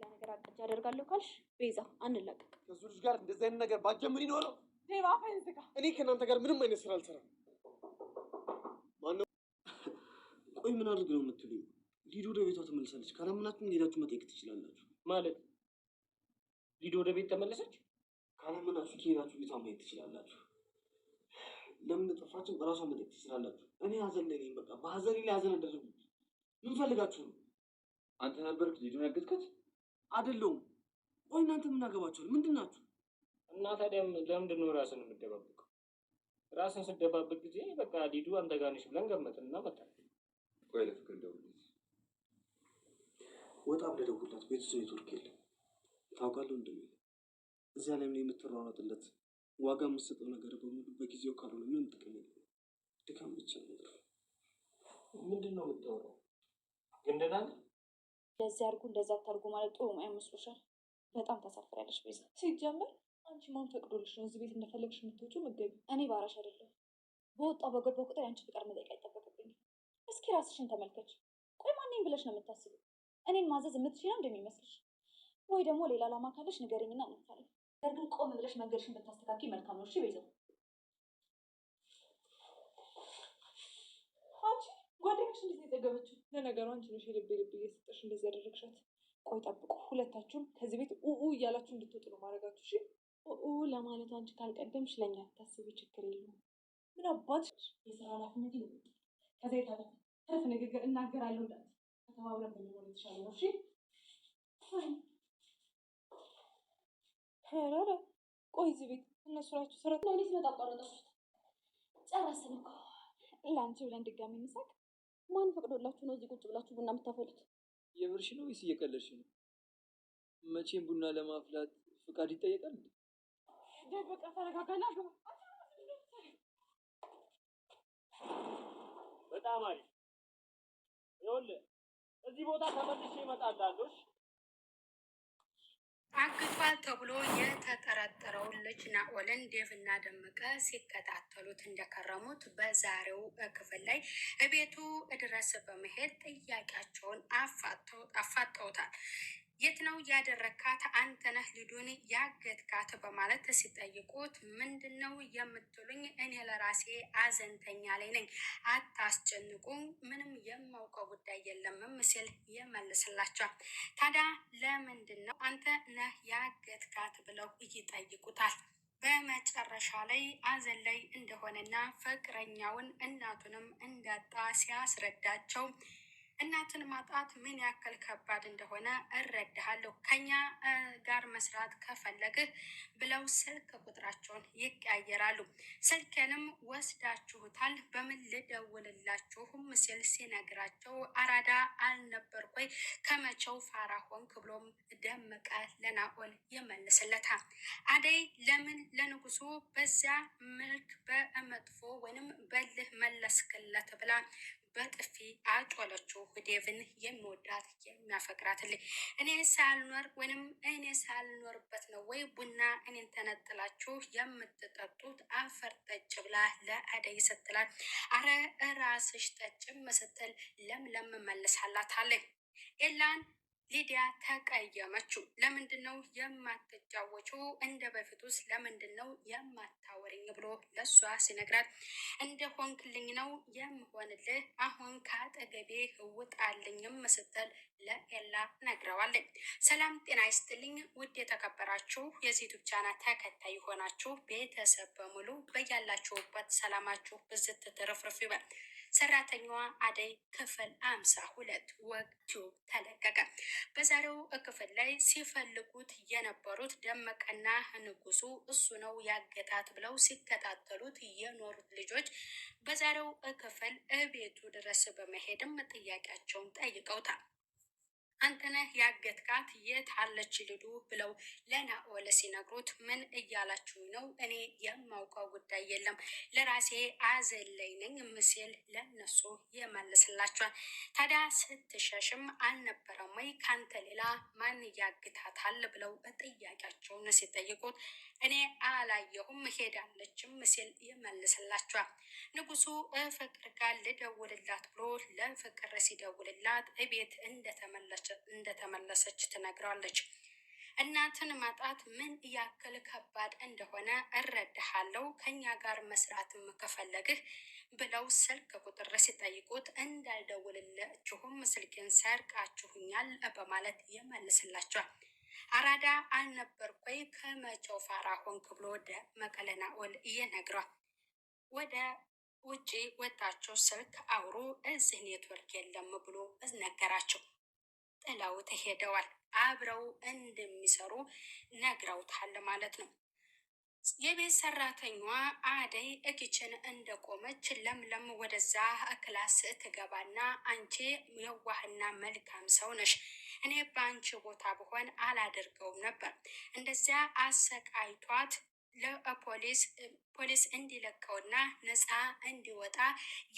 ሌላ ነገር አቅጅ አደርጋለሁ ካልሽ ቤዛ አንላቀቅ። ከዚህ ልጅ ጋር እንደዚህ አይነት ነገር ባጀምር ይኖረው። ቴባ ፈንስ እኔ ከእናንተ ጋር ምንም አይነት ስራ አልሰራም። ማነው? ቆይ ምን አድርግ ነው የምትሉኝ? ሊዶ ወደ ቤቷ ተመልሳለች። ካላምናችሁም ሄዳችሁ መጠየቅ ትችላላችሁ። ማለት ሊዶ ወደ ቤት ተመለሰች? ካላምናችሁ ሄዳችሁ ቤቷ ማየት ትችላላችሁ። ለምን ጠፋችን? በራሷ መጠየቅ ትችላላችሁ። እኔ ሀዘን ላይ ነኝ። በቃ በሀዘኔ ላይ ሀዘን አደረጉ። ምን ፈልጋችሁ ነው? አንተ ነበርክ ሊዶን ያገዝከት? አይደለሁም። ቆይ እናንተ ምን አገባችኋል? ምንድን ናችሁ? እና ታዲያም ለምንድን ነው ራስን የምደባበቀው? ራስን ስደባበቅ ጊዜ በቃ ሊዱ አንተ ጋር ነሽ ብለን ገመትን እና መጣ። ቆይ ለፍቅር ደውልለት፣ ወጣ ብለህ ቤት ውስጥ ኔትወርክ የለም ታውቃለህ። እንደሚል እዚያ ላይ ምን የምትሯሯጥለት ዋጋ የምትሰጠው ነገር በሙሉ በጊዜው ካልሆነ ምን ጥቅም የለም። ድካም ብቻ ነገር ምንድን ነው የምታወራው? ግንደናል እንደዚህ አድርጉ እንደዛ አታርጉ ማለት ጥሩ አይመስሎሻል? በጣም ታሳፍሪያለሽ ቤዛ። ሲጀመር አንቺ ማን ፈቅዶልሽ ነው እዚህ ቤት እንደፈለግሽ የምትወጪው ምገቢ? እኔ ባራሽ አይደለሁ። በወጣ በገባ ቁጥር አንቺ ፍቃድ መጠየቅ አይጠበቅብኝም። እስኪ ራስሽን ተመልከች። ቆይ ማንኝ ብለሽ ነው የምታስቡ? እኔን ማዘዝ የምትችና እንደሚመስልሽ? ወይ ደግሞ ሌላ ዓላማ ካለሽ ንገረኝና እንታለን። ነገር ግን ቆም ብለሽ መንገድሽን ብታስተካኪ መልካም ነው። እሺ ቤዛ እንዴት የጠገበችው? ለነገሩ አንቺ ነሽ የልቤ ልብ እየሰጠሽ እንደዚህ ያደረግሻት። ቆይ ጠብቁ፣ ሁለታችሁም ከዚህ ቤት ኡኡ እያላችሁ እንድትወጡ ነው ማድረጋችሁ። እሺ ኡኡ ለማለት አንቺ ካልቀደምሽ ለእኛ ታስቢ፣ ችግር የለውም። ምን አባትሽ የስራ ኃላፊነት ይወጥ ከዚህ ታለ ተፍ ንግግር እናገራለሁ እንዳት ከተባብረን ብንሆን የተሻለ ነው። እሺ ኧረ ቆይ እዚህ ቤት እነሱ ናቸው ስረት ለሊት መጣቋረጠ ጨረስን እኮ ለአንቺ ብለን ድጋሚ እንሳቅ ማን ፈቅዶላችሁ ነው እዚህ ቁጭ ብላችሁ ቡና የምታፈሉት? የምርሽ ነው ወይስ እየቀለድሽ ነው? መቼም ቡና ለማፍላት ፍቃድ ይጠየቃል እንዴ? በቃ ተረጋጋና። በጣም አሪፍ። ይኸውልህ እዚህ ቦታ ተመልሼ እመጣለሁ። አግቷል ተብሎ የተጠረጠረው ልጅ ናኦልን ዴቭና ደምቀ ሲከታተሉት እንደከረሙት በዛሬው ክፍል ላይ እቤቱ ድረስ በመሄድ ጥያቄያቸውን አፋጠውታል። የት ነው ያደረካት አንተ ነህ ልጁን ያገትካት በማለት ሲጠይቁት ምንድን ነው የምትሉኝ? እኔ ለራሴ አዘንተኛ ላይ ነኝ፣ አታስጨንቁ፣ ምንም የማውቀው ጉዳይ የለምም ሲል ይመልስላቸዋል። ታዲያ ለምንድን ነው አንተ ነህ ያገትካት ብለው ይጠይቁታል። በመጨረሻ ላይ አዘን ላይ እንደሆነና ፍቅረኛውን እናቱንም እንዳጣ ሲያስረዳቸው እናትን ማጣት ምን ያክል ከባድ እንደሆነ እረዳሃለሁ። ከኛ ጋር መስራት ከፈለግህ ብለው ስልክ ቁጥራቸውን ይቀያየራሉ። ስልኬንም ወስዳችሁታል፣ በምን ልደውልላችሁም ሲል ሲነግራቸው አራዳ አልነበርኩ ወይ ከመቼው ፋራ ሆንክ ብሎም ደመቀ ለናሆን ይመልስለታል። አደይ ለምን ለንጉሱ በዚያ መልክ በመጥፎ ወይንም በልህ መለስክለት ብላ በጥፊ አጮለችው። ዴቭን የሚወዳት የሚያፈቅራት እኔ ሳልኖር ወይንም እኔ ሳልኖርበት ነው ወይ ቡና እኔን ተነጥላችሁ የምትጠጡት አፈር ጠጭ ብላ ለአደይ ስትላት አረ ራስሽ ጠጭም ስትል ለምለም መልሳላት አለኝ ኤላን ሊዲያ ተቀየመችው። ለምንድን ነው የማትጫወችው? እንደ በፊት ውስጥ ለምንድን ነው የማታወሪኝ? ብሎ ለሷ ሲነግራት እንደ ሆንክልኝ ነው የምሆንልህ፣ አሁን ከአጠገቤ እውጣልኝም ስትል ለኤላ ነግረዋለች። ሰላም ጤና ይስጥልኝ ውድ የተከበራችሁ የዩቱብ ቻናል ተከታይ የሆናችሁ ቤተሰብ በሙሉ በያላችሁበት ሰላማችሁ ብዝት ትርፍርፍ ይበል። ሰራተኛዋ አደይ ክፍል አምሳ ሁለት ወቅቱ ተለቀቀ። በዛሬው ክፍል ላይ ሲፈልጉት የነበሩት ደመቀና ንጉሱ እሱ ነው ያገታት ብለው ሲከታተሉት የኖሩት ልጆች በዛሬው ክፍል እቤቱ ድረስ በመሄድም ጥያቄያቸውን ጠይቀውታል። አንተነህ ያገትካት የት አለች ልዱ ብለው ለናኦል ሲነግሩት ምን እያላችሁ ነው? እኔ የማውቀው ጉዳይ የለም ለራሴ አዘለይ ነኝ ምስል ለነሱ ይመልስላችኋል። ታዲያ ስትሸሽም አልነበረም ወይ ከአንተ ሌላ ማን ያግታታል ብለው ጥያቄያቸውን ሲጠይቁት እኔ አላየሁም ሄዳለችም ምስል ይመልስላችኋል። ንጉሱ ፍቅር ጋር ልደውልላት ብሎ ለፍቅር ሲደውልላት እቤት እንደተመለች እንደተመለሰች ትነግራለች። እናትን ማጣት ምን ያክል ከባድ እንደሆነ እረዳሃለሁ፣ ከኛ ጋር መስራትም ከፈለግህ ብለው ስልክ ቁጥር ሲጠይቁት እንዳልደውልላችሁም ስልኬን ሰርቃችሁኛል በማለት ይመልስላቸዋል። አራዳ አልነበርኩኝ ከመቼው ፋራ ሆንክ ብሎ ወደ መቀለና ወል ወደ ውጪ ወጣቸው ስልክ አውሩ፣ እዚህ ኔትወርክ የለም ብሎ ነገራቸው። ጥለውት ሄደዋል። አብረው እንደሚሰሩ ነግረውታል ማለት ነው። የቤት ሰራተኛዋ አደይ እኪችን እንደቆመች ለምለም ወደዛ ክላስ ትገባና አንቺ የዋህና መልካም ሰው ነሽ፣ እኔ በአንቺ ቦታ ብሆን አላደርገውም ነበር። እንደዚያ አሰቃይቷት ለፖሊስ ፖሊስ እንዲለቀውና ነፃ እንዲወጣ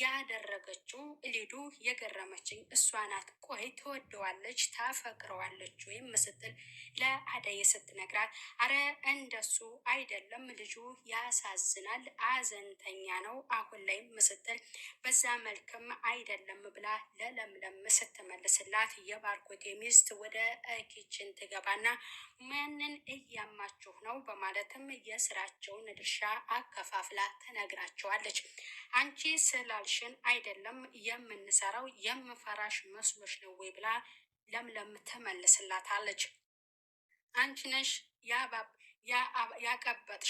ያደረገችው ሊዱ የገረመችኝ እሷ ናት። ቆይ ትወደዋለች፣ ታፈቅረዋለች ወይም ስትል ለአደይ ስትነግራት፣ አረ እንደሱ አይደለም ልጁ ያሳዝናል፣ አዘንተኛ ነው አሁን ላይ ስትል፣ በዛ መልክም አይደለም ብላ ለለምለም ስትመልስላት፣ የባርኮቴ ሚስት ወደ ኪችን ትገባና ማንን እያማችሁ ነው በማለትም የሰ የስራቸውን ድርሻ አከፋፍላ ትነግራቸዋለች። አንቺ ስላልሽን አይደለም የምንሰራው የምፈራሽ መስሎች ነው ወይ ብላ ለምለም ትመልስላታለች። አንቺ ነሽ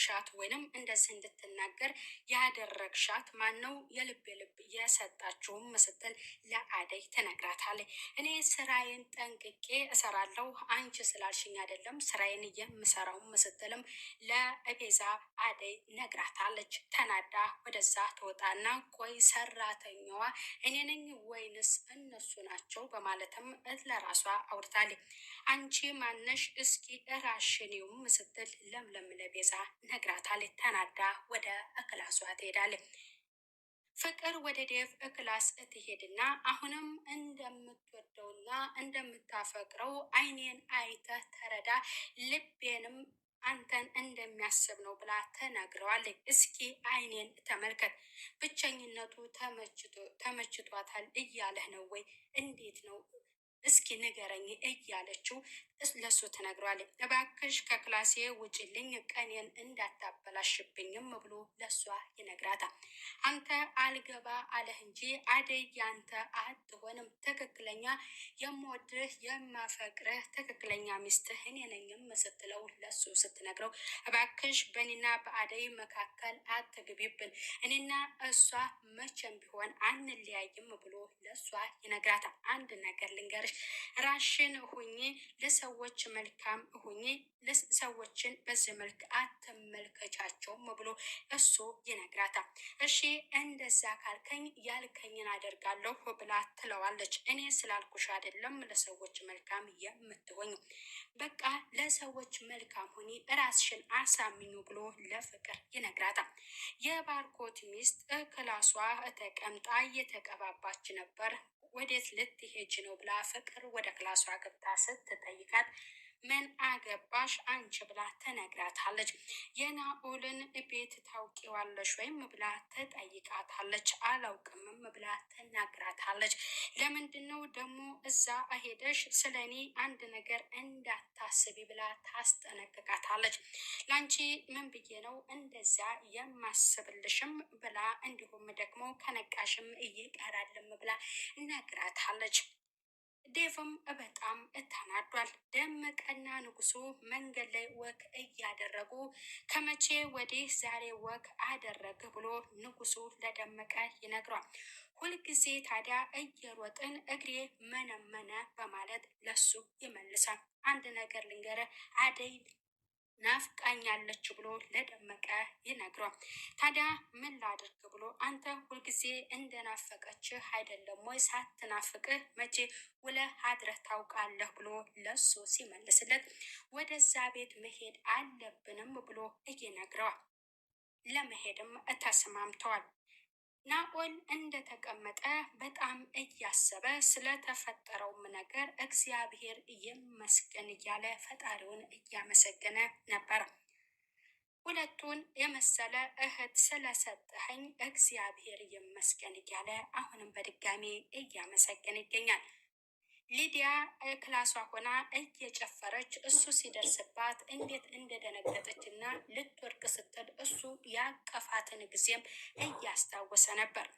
ሻት ወይንም እንደዚህ እንድትናገር ያደረግሻት ማን ነው? የልብ ልብ የሰጣችሁም ስትል ለአደይ ትነግራታለች። እኔ ስራዬን ጠንቅቄ እሰራለሁ፣ አንቺ ስላልሽኝ አይደለም ስራዬን የምሰራው ስትልም ለቤዛ አደይ ነግራታለች። ተናዳ ወደዛ ትወጣና ቆይ ሰራተኛዋ እኔ ነኝ ወይንስ እነሱ ናቸው? በማለትም ለራሷ አውርታለች። አንቺ ማነሽ? እስኪ እራሽኒውም ስትል ለምለም ለቤዛ ነግራታለች። ተናዳ ወደ እክላሷ ትሄዳለች። ፍቅር ወደ ዴቭ እክላስ እትሄድና አሁንም እንደምትወደውና እንደምታፈቅረው አይኔን አይተህ ተረዳ፣ ልቤንም አንተን እንደሚያስብ ነው ብላ ተናግረዋለች። እስኪ አይኔን ተመልከት፣ ብቸኝነቱ ተመችቷታል እያለህ ነው ወይ? እንዴት ነው? እስኪ ንገረኝ እያለችው ለሱ ተነግሯል። እባክሽ ከክላሴ ውጭልኝ ቀኔን እንዳታበላሽብኝም ብሎ ለሷ ይነግራታል። አንተ አልገባ አለህ እንጂ አደይ ያንተ አትሆንም። ትክክለኛ የምወድህ የማፈቅርህ ትክክለኛ ሚስትህ እኔ ነኝም ስትለው ለሱ ስትነግረው እባክሽ በእኔና በአደይ መካከል አትግቢብን፣ እኔና እሷ መቼም ቢሆን አንለያይም ብሎ ለሷ ይነግራታል። አንድ ነገር ልንገርሽ ራሽን ሁኚ ለሰው ሰዎች መልካም ሁኚ፣ ሰዎችን በዚህ መልክ አትመልከቻቸው ብሎ እሱ ይነግራታል። እሺ እንደዛ ካልከኝ ያልከኝን አደርጋለሁ ብላ ትለዋለች። እኔ ስላልኩሽ አይደለም ለሰዎች መልካም የምትሆኝ፣ በቃ ለሰዎች መልካም ሁኚ፣ ራስሽን አሳምኙ ብሎ ለፍቅር ይነግራታል። የባርኮት ሚስት ክላሷ ተቀምጣ እየተቀባባች ነበር። ወዴት ልትሄጅ ነው ብላ ፍቅር ወደ ክላሷ ገብታ ስትጠይቃት ምን አገባሽ አንቺ ብላ ትነግራታለች። የናኦልን ቤት ታውቂዋለሽ ወይም ብላ ትጠይቃታለች። አላውቅምም ብላ ትናግራታለች። ለምንድን ነው ደግሞ እዛ አሄደሽ ስለ እኔ አንድ ነገር እንዳት አታስቢ ብላ ታስጠነቅቃታለች። ለአንቺ ምን ብዬ ነው እንደዚያ የማስብልሽም ብላ እንዲሁም ደግሞ ከነቃሽም እይቀራልም ብላ ነግራታለች። ዴቭም በጣም ተናዷል። ደመቀና ንጉሱ መንገድ ላይ ወክ እያደረጉ ከመቼ ወዲህ ዛሬ ወክ አደረግ ብሎ ንጉሱ ለደመቀ ይነግሯል። ሁልጊዜ ታዲያ እየሮጥን እግሬ መነመነ በማለት ለሱ ይመልሳል። አንድ ነገር ልንገረ አደይ ናፍቃኛለች ብሎ ለደመቀ ይነግሯል። ታዲያ ምን ላድርግ ብሎ አንተ ሁልጊዜ እንደናፈቀች አይደለም ወይ? ሳትናፍቅህ መቼ ውለህ አድረህ ታውቃለህ? ብሎ ለሱ ሲመልስለት ወደዛ ቤት መሄድ አለብንም ብሎ እየነግረዋል። ለመሄድም ተስማምተዋል። ናቆል እንደተቀመጠ በጣም እያሰበ ስለተፈጠረውም ነገር እግዚአብሔር ይመስገን እያለ ፈጣሪውን እያመሰገነ ነበር። ሁለቱን የመሰለ እህት ስለሰጠኸኝ እግዚአብሔር ይመስገን እያለ አሁንም በድጋሜ እያመሰገነ ይገኛል። ሊዲያ ክላሷ ሆና እየጨፈረች እሱ ሲደርስባት እንዴት እንደደነገጠች እና ልትወድቅ ስትል እሱ ያቀፋትን ጊዜም እያስታወሰ ነበር።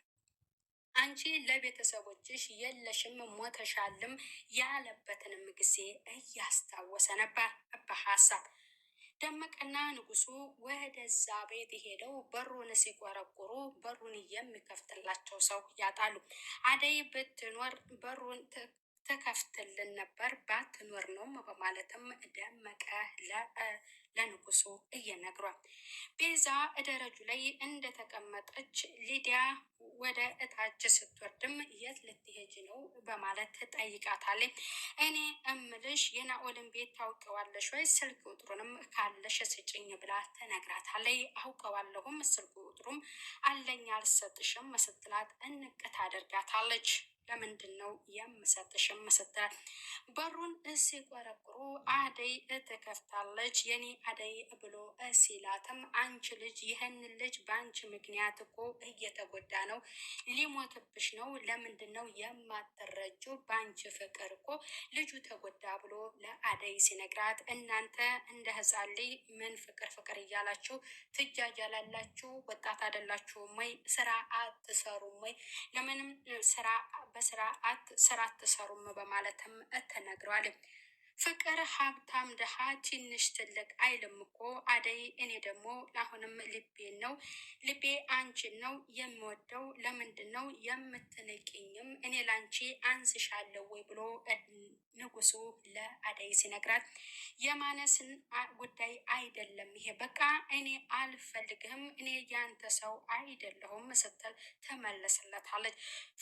አንቺ ለቤተሰቦችሽ የለሽም ሞተሻልም ያለበትንም ጊዜ እያስታወሰ ነበር በሀሳብ ደመቀና ንጉሱ ወደዛ ቤት ሄደው በሩን ሲቆረቁሩ በሩን የሚከፍትላቸው ሰው ያጣሉ። አደይ ብትኖር በሩን ተከፍትልን ነበር ባትኖር ነውም በማለትም ደመቀ ለንጉሱ እየነግሯል። ቤዛ ደረጁ ላይ እንደተቀመጠች ሊዲያ ወደ እታች ስትወርድም የት ልትሄጅ ነው በማለት ጠይቃታል። እኔ እምልሽ የናኦልን ቤት ታውቀዋለሽ ወይ? ስልክ ቁጥሩንም ካለሽ ስጭኝ ብላ ትነግራታለች። አውቀዋለሁም ስልክ ቁጥሩም አለኝ አልሰጥሽም ስትላት እንቅት አደርጋታለች። ለምንድን ነው የምሰጥሽ በሩን ሲቆረቁሩ አደይ ትከፍታለች። የኔ አደይ ብሎ ሲላትም አንቺ ልጅ ይህን ልጅ በአንቺ ምክንያት እኮ እየተጎዳ ነው፣ ሊሞትብሽ ነው። ለምንድን ነው የማትረጁ? በአንቺ ፍቅር እኮ ልጁ ተጎዳ ብሎ ለአደይ ሲነግራት እናንተ እንደ ህፃን ምን ፍቅር ፍቅር እያላችሁ ትጃጃላላችሁ? ወጣት አይደላችሁም ወይ? ስራ አትሰሩም ወይ? ለምንም ስራ በስራ አት ስራ አትሰሩም በማለትም ተነግሯል። ፍቅር ሀብታም ድሃ ትንሽ ትልቅ አይልም እኮ አደይ። እኔ ደግሞ አሁንም ልቤን ነው ልቤ አንቺን ነው የምወደው። ለምንድን ነው የምትንቂኝም? እኔ ላንቺ አንስሻለሁ ወይ ብሎ ንጉሱ ለአደይ ሲነግራት የማነስን ጉዳይ አይደለም ይሄ በቃ እኔ አልፈልግህም፣ እኔ ያንተ ሰው አይደለሁም ስትል ተመለስለታለች።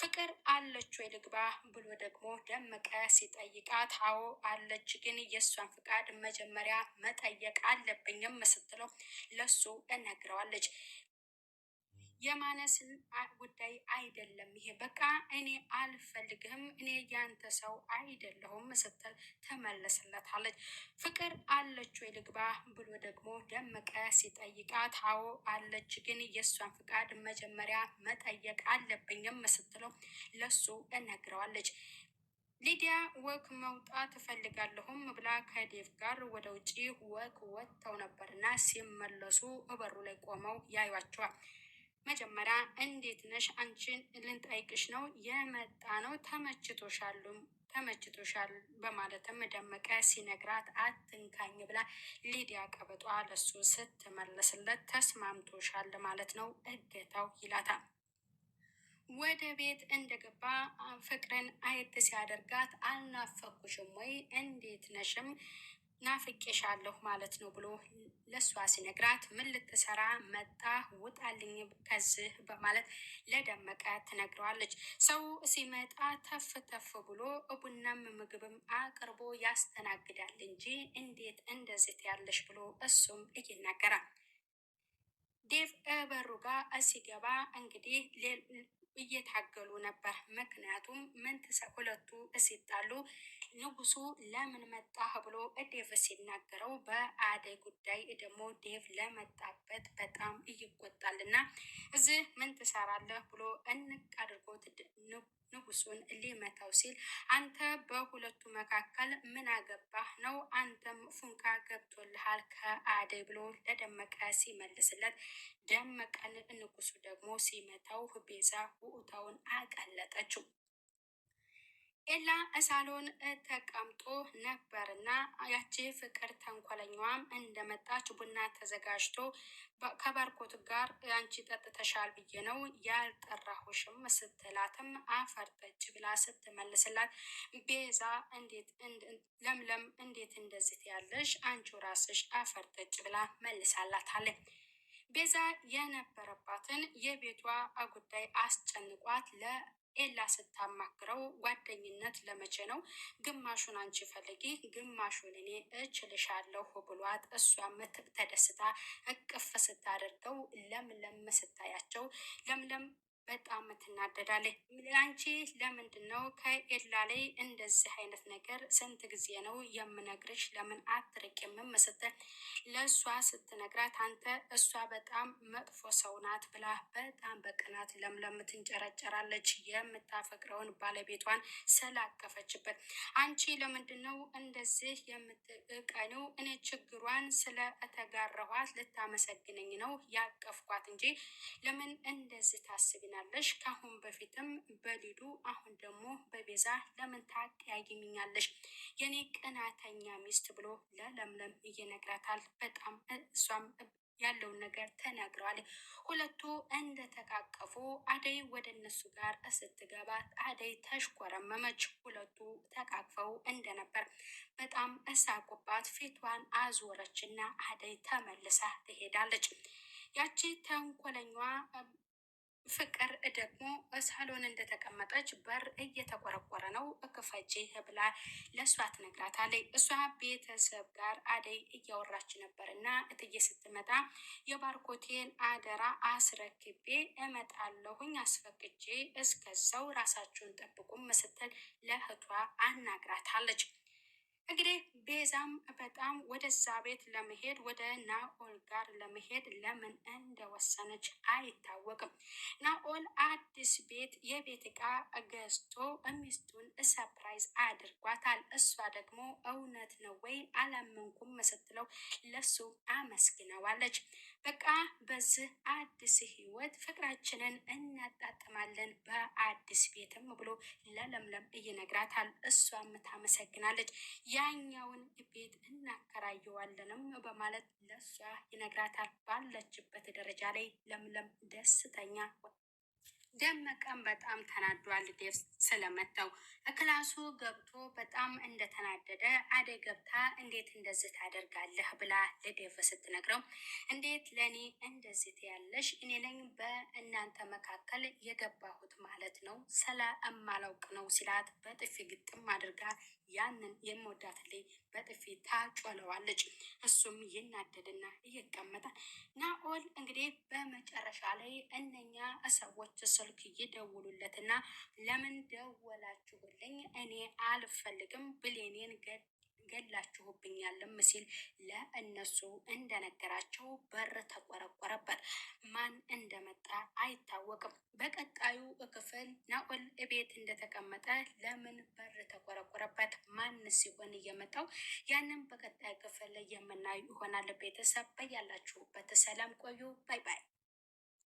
ፍቅር አለች ወይ ልግባ ብሎ ደግሞ ደመቀ ሲጠይቃት አዎ አለች ከፈለች ግን የእሷን ፍቃድ መጀመሪያ መጠየቅ አለብኝም ስትለው ለሱ እነግረዋለች። የማነስን ጉዳይ አይደለም ይሄ። በቃ እኔ አልፈልግህም፣ እኔ ያንተ ሰው አይደለሁም ስትል ተመለስለታለች። ፍቅር አለች ወይ ልግባ ብሎ ደግሞ ደመቀ ሲጠይቃት አዎ አለች፣ ግን የእሷን ፍቃድ መጀመሪያ መጠየቅ አለብኝም ስትለው ለሱ እነግረዋለች። ሊዲያ ወክ መውጣት እፈልጋለሁም ብላ ከዴቭ ጋር ወደ ውጪ ወክ ወጥተው ነበርና ሲመለሱ እበሩ ላይ ቆመው ያዩቸዋል። መጀመሪያ እንዴት ነሽ? አንቺን ልንጠይቅሽ ነው የመጣ ነው። ተመችቶሻሉም ተመችቶሻል በማለትም ደመቀ ሲነግራት አትንካኝ ብላ ሊዲያ ቀበጧ ለሱ ስትመለስለት ተስማምቶሻል ማለት ነው እገታው ይላታል። ወደ ቤት እንደገባ ፍቅርን አየት ሲያደርጋት አልናፈኩሽም ወይ እንዴት ነሽም ናፍቄሻለሁ ማለት ነው ብሎ ለእሷ ሲነግራት ምን ልትሰራ መጣ ውጣልኝ ከዚህ በማለት ለደመቀ ትነግረዋለች። ሰው ሲመጣ ተፍ ተፍ ብሎ ቡናም ምግብም አቅርቦ ያስተናግዳል እንጂ እንዴት እንደዚህ ያለሽ ብሎ እሱም ይናገራል። ዴቭ በሩ ጋር ሲገባ እንግዲህ እየታገሉ ነበር። ምክንያቱም ምን ሁለቱ ሲጣሉ ንጉሱ ለምን መጣህ ብሎ ዴቭ ሲናገረው በአደይ ጉዳይ ደግሞ ዴቭ ለመጣበት በጣም ይቆጣልና እዚህ ምን ትሰራለህ ብሎ እንቅ አድርጎት ንጉሱን ሊመታው ሲል አንተ በሁለቱ መካከል ምን አገባህ ነው? አንተም ፉንካ ገብቶልሃል ከአደይ ብሎ ለደመቀ ሲመልስለት ደመቀን ንጉሱ ደግሞ ሲመታው ቤዛ ውዑታውን አቀለጠችው። ኤላ ሳሎን ተቀምጦ ነበርና ያቺ ፍቅር ተንኮለኛዋም እንደመጣች ቡና ተዘጋጅቶ ከባርኮት ጋር አንቺ ጠጥተሻል ብዬ ነው ያልጠራሁሽም ስትላትም አፈርጠች ብላ ስትመልስላት፣ ቤዛ እንዴት ለምለም እንዴት እንደዚህ ያለሽ አንቺ ራስሽ አፈርጠች ብላ መልሳላታለች። ቤዛ የነበረባትን የቤቷ ጉዳይ አስጨንቋት ለ ኤላ ስታማክረው ጓደኝነት ለመቼ ነው? ግማሹን አንቺ ፈልጊ፣ ግማሹን እኔ እችልሻለሁ ብሏት እሷም ተደስታ እቅፍ ስታደርገው ለምለም ስታያቸው ለምለም በጣም ትናደዳለች። አንቺ ለምንድን ነው ከኤላ ላይ እንደዚህ አይነት ነገር ስንት ጊዜ ነው የምነግርሽ? ለምን አትርቂምም? ስትል ለእሷ ስትነግራት አንተ እሷ በጣም መጥፎ ሰው ናት ብላ በጣም በቅናት ለምለም ትንጨረጨራለች። የምታፈቅረውን ባለቤቷን ስላቀፈችበት አንቺ ለምንድን ነው እንደዚህ የምትቀኒው? እኔ ችግሯን ስለ ልታመሰግነኝ ነው ያቀፍኳት እንጂ ለምን እንደዚህ ታስቢ ታገኛለሽ? ከአሁን በፊትም በሊዱ አሁን ደግሞ በቤዛ ለምን ታጠያይሚኛለሽ? የኔ ቅናተኛ ሚስት ብሎ ለለምለም ይነግራታል። በጣም እሷም ያለውን ነገር ተናግረዋል። ሁለቱ እንደተቃቀፉ አደይ ወደ እነሱ ጋር ስትገባ አደይ ተሽኮረመመች። ሁለቱ ተቃቅፈው እንደነበር በጣም እሳቁባት። ፊቷን አዞረች እና አደይ ተመልሳ ትሄዳለች። ያቺ ተንኮለኛዋ ፍቅር ደግሞ ሳሎን እንደተቀመጠች በር እየተቆረቆረ ነው። ክፈቺ ብላ ለእሷ ትነግራታለች። እሷ ቤተሰብ ጋር አደይ እያወራች ነበር እና እትዬ ስትመጣ የባርኮቴን አደራ አስረክቤ እመጣለሁኝ አስፈቅጄ እስከዛው ራሳችሁን ጠብቁም ስትል ለእህቷ አናግራታለች። እንግዲህ ቤዛም በጣም ወደዛ ቤት ለመሄድ ወደ ናኦል ጋር ለመሄድ ለምን እንደወሰነች አይታወቅም። ናኦል አዲስ ቤት የቤት እቃ ገዝቶ ሚስቱን ሰፕራይዝ አድርጓታል። እሷ ደግሞ እውነት ነው ወይ አላመንኩም መሰትለው ለሱ አመስግነዋለች። በቃ በዚህ አዲስ ህይወት ፍቅራችንን እናጣጥማለን በአዲስ ቤትም ብሎ ለለምለም ይነግራታል። እሷም ታመሰግናለች። ያኛውን ቤት እናከራየዋለንም በማለት ለእሷ ይነግራታል። ባለችበት ደረጃ ላይ ለምለም ደስተኛ ደመቀም በጣም ተናዷል። ስለመታው እክላሱ ገብቶ በጣም እንደተናደደ አደይ ገብታ እንዴት እንደዚህ ታደርጋለህ ብላ ለዴቭ ስትነግረው እንዴት ለእኔ እንደዚህ ያለሽ እኔ ነኝ በእናንተ መካከል የገባሁት ማለት ነው ስለ እማላውቅ ነው ሲላት በጥፊ ግጥም አድርጋ ያንን የምወዳት ላይ በጥፊ ታጮለዋለች። እሱም ይናደድና ይቀመጣል። ናኦል እንግዲህ በመጨረሻ ላይ እነኛ ሰዎች ስልክ ይደውሉለትና ለምን ደወላችሁልኝ እኔ አልፈልግም ብሌኔን ገላችሁብኛልም ሲል ለእነሱ እንደነገራቸው በር ተቆረቆረበት። ማን እንደመጣ አይታወቅም። በቀጣዩ ክፍል ናኦል እቤት እንደተቀመጠ ለምን በር ተቆረቆረበት? ማን ሲሆን እየመጣው ያንን በቀጣይ ክፍል የምናዩ ይሆናል። ቤተሰብ በያላችሁበት ሰላም ቆዩ። ባይ ባይ።